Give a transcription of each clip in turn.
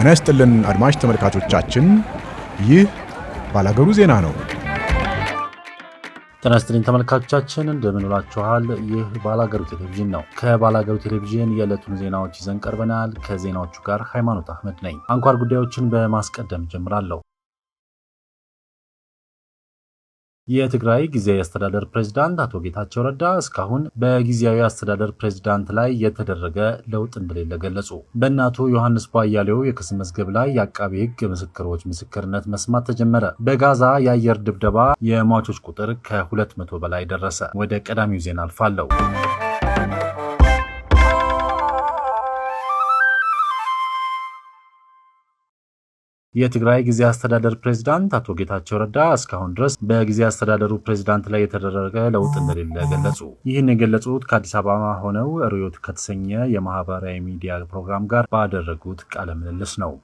ጤና ይስጥልን አድማጭ ተመልካቾቻችን፣ ይህ ባላገሩ ዜና ነው። ጤና ይስጥልን ተመልካቾቻችን እንደምን ይህ ባላገሩ ቴሌቪዥን ነው። ከባላገሩ ቴሌቪዥን የዕለቱን ዜናዎች ይዘን ቀርበናል። ከዜናዎቹ ጋር ሃይማኖት አህመድ ነኝ። አንኳር ጉዳዮችን በማስቀደም ጀምራለሁ። የትግራይ ጊዜያዊ አስተዳደር ፕሬዝዳንት አቶ ጌታቸው ረዳ እስካሁን በጊዜያዊ አስተዳደር ፕሬዝዳንት ላይ የተደረገ ለውጥ እንደሌለ ገለጹ። በእነ አቶ ዮሐንስ ቧያሌው የክስ መዝገብ ላይ የአቃቢ ሕግ ምስክሮች ምስክርነት መስማት ተጀመረ። በጋዛ የአየር ድብደባ የሟቾች ቁጥር ከሁለት መቶ በላይ ደረሰ። ወደ ቀዳሚው ዜና አልፋለሁ። የትግራይ ጊዜ አስተዳደር ፕሬዚዳንት አቶ ጌታቸው ረዳ እስካሁን ድረስ በጊዜ አስተዳደሩ ፕሬዚዳንት ላይ የተደረገ ለውጥ እንደሌለ ገለጹ። ይህን የገለጹት ከአዲስ አበባ ሆነው ርዕዮት ከተሰኘ የማህበራዊ ሚዲያ ፕሮግራም ጋር ባደረጉት ቃለ ምልልስ ነው።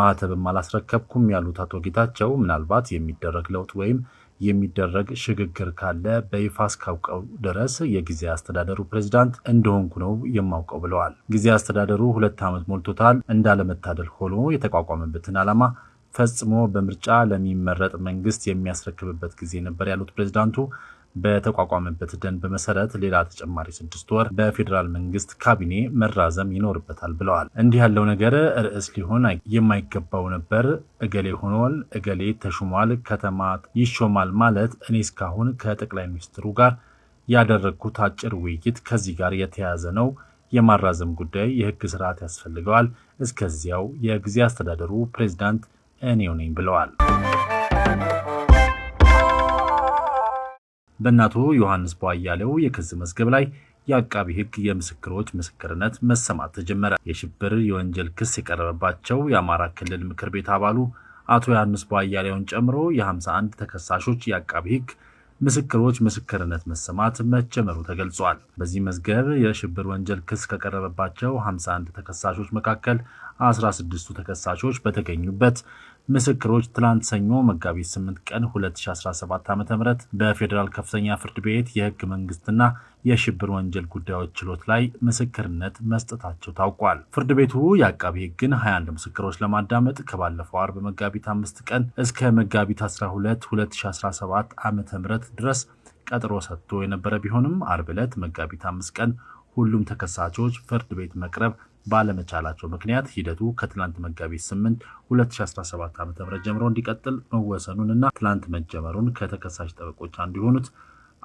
ማህተብም አላስረከብኩም ያሉት አቶ ጌታቸው ምናልባት የሚደረግ ለውጥ ወይም የሚደረግ ሽግግር ካለ በይፋ እስካውቀው ድረስ የጊዜ አስተዳደሩ ፕሬዚዳንት እንደሆንኩ ነው የማውቀው ብለዋል። ጊዜ አስተዳደሩ ሁለት ዓመት ሞልቶታል። እንዳለመታደል ሆኖ የተቋቋመበትን ዓላማ ፈጽሞ በምርጫ ለሚመረጥ መንግስት የሚያስረክብበት ጊዜ ነበር ያሉት ፕሬዚዳንቱ በተቋቋመበት ደንብ መሰረት ሌላ ተጨማሪ ስድስት ወር በፌዴራል መንግስት ካቢኔ መራዘም ይኖርበታል ብለዋል። እንዲህ ያለው ነገር ርዕስ ሊሆን የማይገባው ነበር። እገሌ ሆኗል፣ እገሌ ተሹሟል፣ ከተማ ይሾማል ማለት እኔ እስካሁን ከጠቅላይ ሚኒስትሩ ጋር ያደረግኩት አጭር ውይይት ከዚህ ጋር የተያያዘ ነው። የማራዘም ጉዳይ የህግ ስርዓት ያስፈልገዋል። እስከዚያው የጊዜ አስተዳደሩ ፕሬዚዳንት እኔው ነኝ ብለዋል። በእናቱ ዮሐንስ ቧያሌው የክስ መዝገብ ላይ የአቃቢ ህግ የምስክሮች ምስክርነት መሰማት ተጀመረ። የሽብር የወንጀል ክስ የቀረበባቸው የአማራ ክልል ምክር ቤት አባሉ አቶ ዮሐንስ ቧያሌውን ጨምሮ የ51 ተከሳሾች የአቃቢ ህግ ምስክሮች ምስክርነት መሰማት መጀመሩ ተገልጿል። በዚህ መዝገብ የሽብር ወንጀል ክስ ከቀረበባቸው 51 ተከሳሾች መካከል 16ቱ ተከሳሾች በተገኙበት ምስክሮች ትላንት ሰኞ መጋቢት 8 ቀን 2017 ዓ ም በፌዴራል ከፍተኛ ፍርድ ቤት የህግ መንግስትና የሽብር ወንጀል ጉዳዮች ችሎት ላይ ምስክርነት መስጠታቸው ታውቋል። ፍርድ ቤቱ የአቃቢ ህግን 21 ምስክሮች ለማዳመጥ ከባለፈው አርብ መጋቢት 5 ቀን እስከ መጋቢት 12 2017 ዓ ም ድረስ ቀጥሮ ሰጥቶ የነበረ ቢሆንም አርብ ዕለት መጋቢት 5 ቀን ሁሉም ተከሳቾች ፍርድ ቤት መቅረብ ባለመቻላቸው ምክንያት ሂደቱ ከትላንት መጋቢት 8 2017 ዓ ም ጀምሮ እንዲቀጥል መወሰኑን እና ትላንት መጀመሩን ከተከሳሽ ጠበቆች አንዱ የሆኑት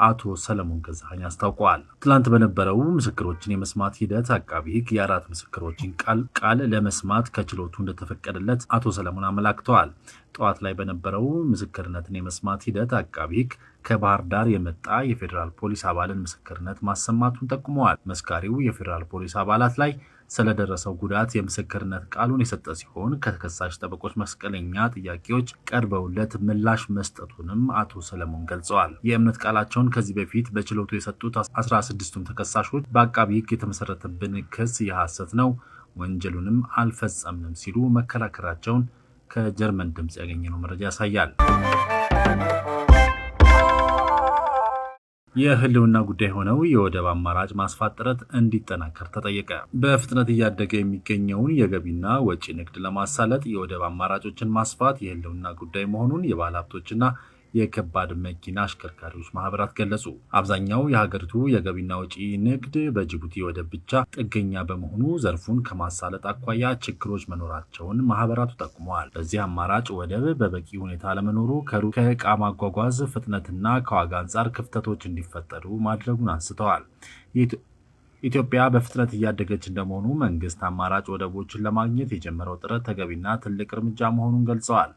አቶ ሰለሞን ገዛኸኝ አስታውቀዋል። ትላንት በነበረው ምስክሮችን የመስማት ሂደት አቃቢ ሕግ የአራት ምስክሮችን ቃል ቃል ለመስማት ከችሎቱ እንደተፈቀደለት አቶ ሰለሞን አመላክተዋል። ጠዋት ላይ በነበረው ምስክርነትን የመስማት ሂደት አቃቢ ሕግ ከባህር ዳር የመጣ የፌዴራል ፖሊስ አባልን ምስክርነት ማሰማቱን ጠቁመዋል። መስካሪው የፌዴራል ፖሊስ አባላት ላይ ስለደረሰው ጉዳት የምስክርነት ቃሉን የሰጠ ሲሆን ከተከሳሽ ጠበቆች መስቀለኛ ጥያቄዎች ቀርበውለት ምላሽ መስጠቱንም አቶ ሰለሞን ገልጸዋል። የእምነት ቃላቸውን ከዚህ በፊት በችሎቱ የሰጡት አስራ ስድስቱም ተከሳሾች በአቃቢ ሕግ የተመሰረተብን ክስ የሐሰት ነው፣ ወንጀሉንም አልፈጸምንም ሲሉ መከራከራቸውን ከጀርመን ድምፅ ያገኘነው መረጃ ያሳያል። የህልውና ጉዳይ ሆነው የወደብ አማራጭ ማስፋት ጥረት እንዲጠናከር ተጠየቀ። በፍጥነት እያደገ የሚገኘውን የገቢና ወጪ ንግድ ለማሳለጥ የወደብ አማራጮችን ማስፋት የህልውና ጉዳይ መሆኑን የባለሀብቶችና የከባድ መኪና አሽከርካሪዎች ማህበራት ገለጹ። አብዛኛው የሀገሪቱ የገቢና ወጪ ንግድ በጅቡቲ ወደብ ብቻ ጥገኛ በመሆኑ ዘርፉን ከማሳለጥ አኳያ ችግሮች መኖራቸውን ማህበራቱ ጠቁመዋል። በዚህ አማራጭ ወደብ በበቂ ሁኔታ ለመኖሩ ከሩ ከእቃ ማጓጓዝ ፍጥነትና ከዋጋ አንጻር ክፍተቶች እንዲፈጠሩ ማድረጉን አንስተዋል። ኢትዮጵያ በፍጥነት እያደገች እንደመሆኑ መንግስት አማራጭ ወደቦችን ለማግኘት የጀመረው ጥረት ተገቢና ትልቅ እርምጃ መሆኑን ገልጸዋል።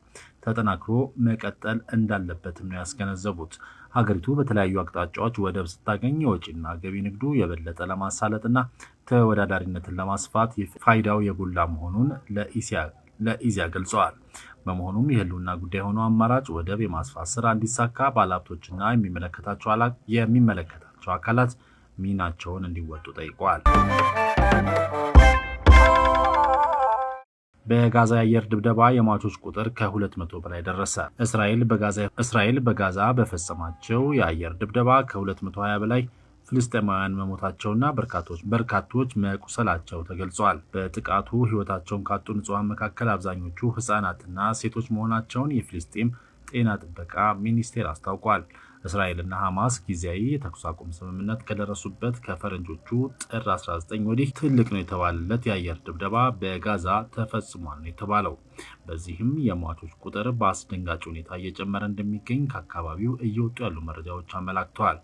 ተጠናክሮ መቀጠል እንዳለበትም ነው ያስገነዘቡት። ሀገሪቱ በተለያዩ አቅጣጫዎች ወደብ ስታገኝ የወጪና ገቢ ንግዱ የበለጠ ለማሳለጥና ተወዳዳሪነትን ለማስፋት ፋይዳው የጎላ መሆኑን ለኢዚያ ገልጸዋል። በመሆኑም የህልውና ጉዳይ ሆኖ አማራጭ ወደብ የማስፋት ስራ እንዲሳካ ባለሀብቶችና የሚመለከታቸው አካላት ሚናቸውን እንዲወጡ ጠይቀዋል። በጋዛ የአየር ድብደባ የሟቾች ቁጥር ከ200 በላይ ደረሰ። እስራኤል በጋዛ በፈጸማቸው የአየር ድብደባ ከ220 በላይ ፍልስጤማውያን መሞታቸውና በርካቶች መቁሰላቸው ተገልጿል። በጥቃቱ ሕይወታቸውን ካጡ ንጹሐን መካከል አብዛኞቹ ሕጻናትና ሴቶች መሆናቸውን የፍልስጤም ጤና ጥበቃ ሚኒስቴር አስታውቋል። እስራኤልና ሐማስ ጊዜያዊ የተኩስ አቁም ስምምነት ከደረሱበት ከፈረንጆቹ ጥር 19 ወዲህ ትልቅ ነው የተባለለት የአየር ድብደባ በጋዛ ተፈጽሟል ነው የተባለው። በዚህም የሟቾች ቁጥር በአስደንጋጭ ሁኔታ እየጨመረ እንደሚገኝ ከአካባቢው እየወጡ ያሉ መረጃዎች አመላክተዋል።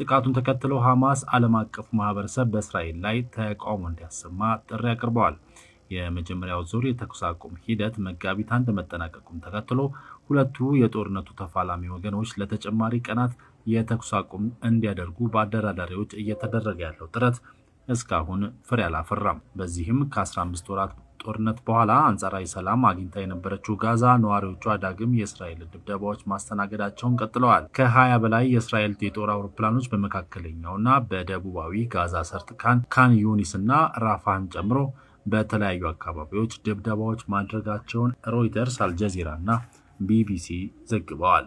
ጥቃቱን ተከትሎ ሐማስ ዓለም አቀፉ ማህበረሰብ በእስራኤል ላይ ተቃውሞ እንዲያሰማ ጥሪ አቅርበዋል። የመጀመሪያው ዙር የተኩስ አቁም ሂደት መጋቢት አንድ መጠናቀቁን ተከትሎ ሁለቱ የጦርነቱ ተፋላሚ ወገኖች ለተጨማሪ ቀናት የተኩስ አቁም እንዲያደርጉ በአደራዳሪዎች እየተደረገ ያለው ጥረት እስካሁን ፍሬ አላፈራም። በዚህም ከ15 ወራት ጦርነት በኋላ አንጻራዊ ሰላም አግኝታ የነበረችው ጋዛ ነዋሪዎቿ ዳግም የእስራኤል ድብደባዎች ማስተናገዳቸውን ቀጥለዋል። ከ20 በላይ የእስራኤል የጦር አውሮፕላኖች በመካከለኛውና በደቡባዊ ጋዛ ሰርጥ ካን ካን ዩኒስ እና ራፋህን ጨምሮ በተለያዩ አካባቢዎች ድብደባዎች ማድረጋቸውን ሮይተርስ፣ አልጀዚራ እና ቢቢሲ ዘግበዋል።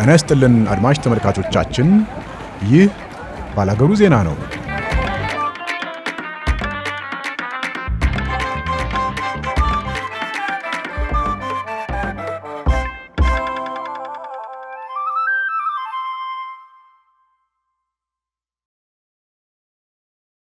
ጤና ይስጥልን አድማጭ ተመልካቾቻችን፣ ይህ ባላገሩ ዜና ነው።